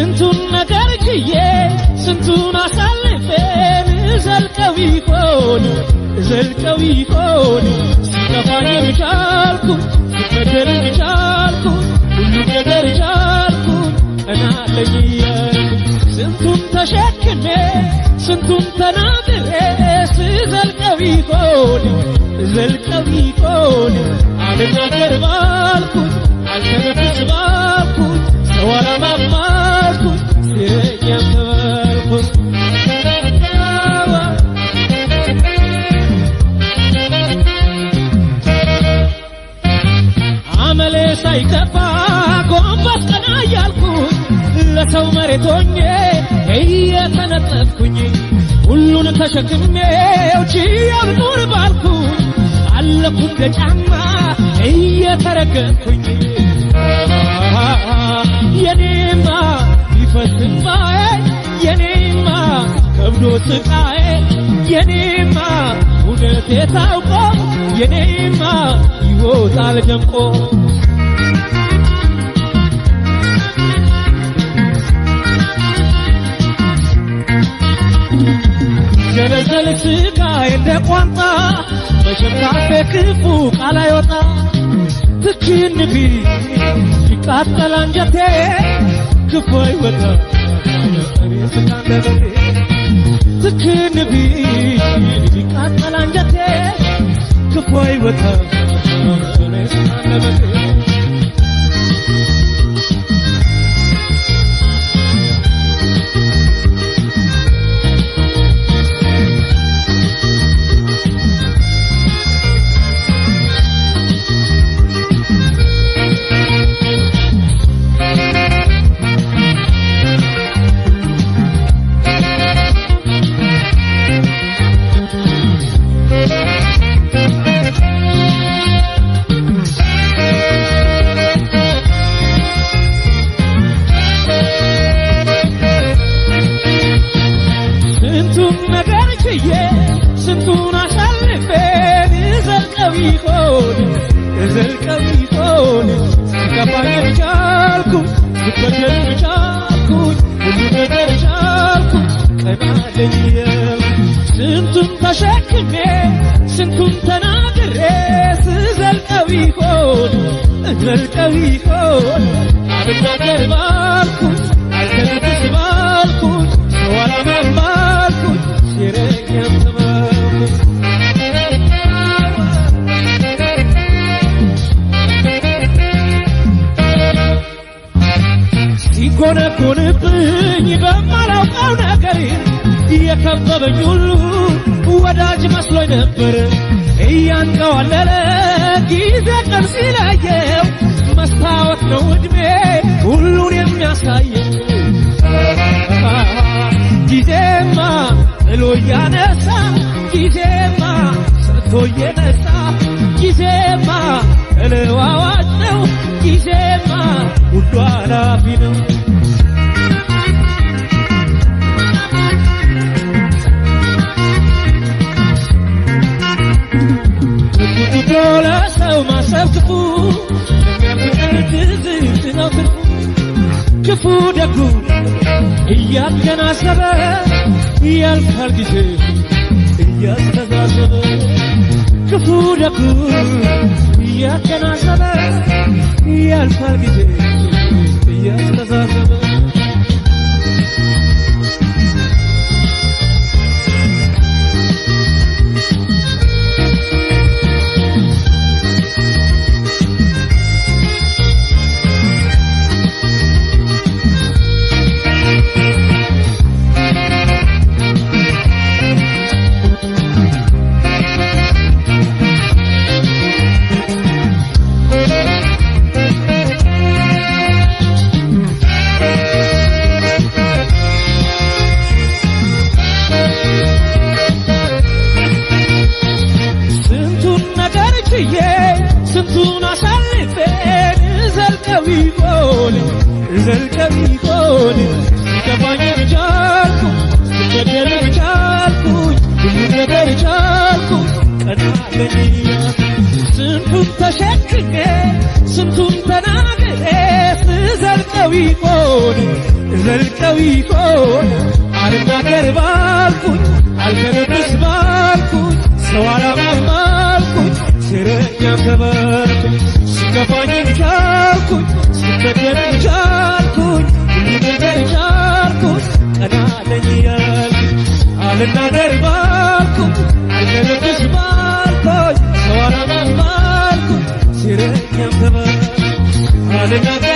ስንቱን ነገር ችዬ ስንቱን አሳልፌን ዘልቀው ይሆን ዘልቀው ይሆን ሲከፋኝ ቻልኩ ሲበደል ቻልኩ ሁሉ ነገር ቻልኩ እናለኝ ስንቱን ተሸክሜ ስንቱን ተናግሬ ስዘልቀው ይሆን ዘልቀው ይሆን አልናገር ባልኩ አልተነፍስ ባልኩ ሰው አላማማ አመሌ ሳይከፋ ጎንበስ ለሰው መሬቶኜ እየተነጠፍኩኝ ሁሉን ተሸክሜ ችዬው ልኑር ባልኩኝ አለኩ እንደ ጫማ እየተረገጥኩኝ የኔማ ሲፈትባዬ የኔማ ከብዶ ስቃዬ የኔማ እውነቴ ታውቆ የኔማ ይወጣል ደምቆ ዘለዘል ስቃዬ እንደ ቋንጣ በሸካፌ ክፉ ቃል አይወጣ ትክንፊ ሲቃጠል አንጀቴ ክፉ አይወራ ስታነበቴ ትክን ቢ ቃጠል ክፉ አይወጣ ስንቱን ተሸክሜ ስንቱን ተናግሬ ስዘልቀው ይሆን እዘልቀው ይሆን ብናገር ባልኩት አልተነፍስ ባልኩት ሰዋላማን ባልኩት ሲረኛም ተማኩት ሲጎነጎንብኝ በማላውቀው ነገር የከበበኝ ሁሉ ወዳጅ መስሎኝ ነበር እያንከዋለለ ጊዜ ቀን ሲለየው መስታወት ነው እድሜ ሁሉን የሚያሳየው ጊዜማ ጥሎ እያነሳ ጊዜማ ሰጥቶ እየነሳ ጊዜማ ተለዋዋጭ ነው ጊዜማ ሁሉ አላፊ ነው እያገናዘበ ያልፋል ጊዜ እያስተዛዘበ ክፉ ደጉ እያገናዘበ ያልፋል ጊዜ ስንቱን ተሸክሜ ስንቱን ተናግሬ ስዘልቀው ይሆን ዘልቀው ይሆን አልናገር ባልኩኝ አልከረብስ ባልኩኝ ሰው አላማ ባልኩኝ ሴረኛ ተበርኩኝ ቻልኩኝ ቻልኩኝ ቀና ለኛልኩኝ አልናገር ባልኩኝ አልመለስ ባልኩኝ ሰው አላማን ባልኩኝ ሲረኛም ተባልኩኝ አልናገር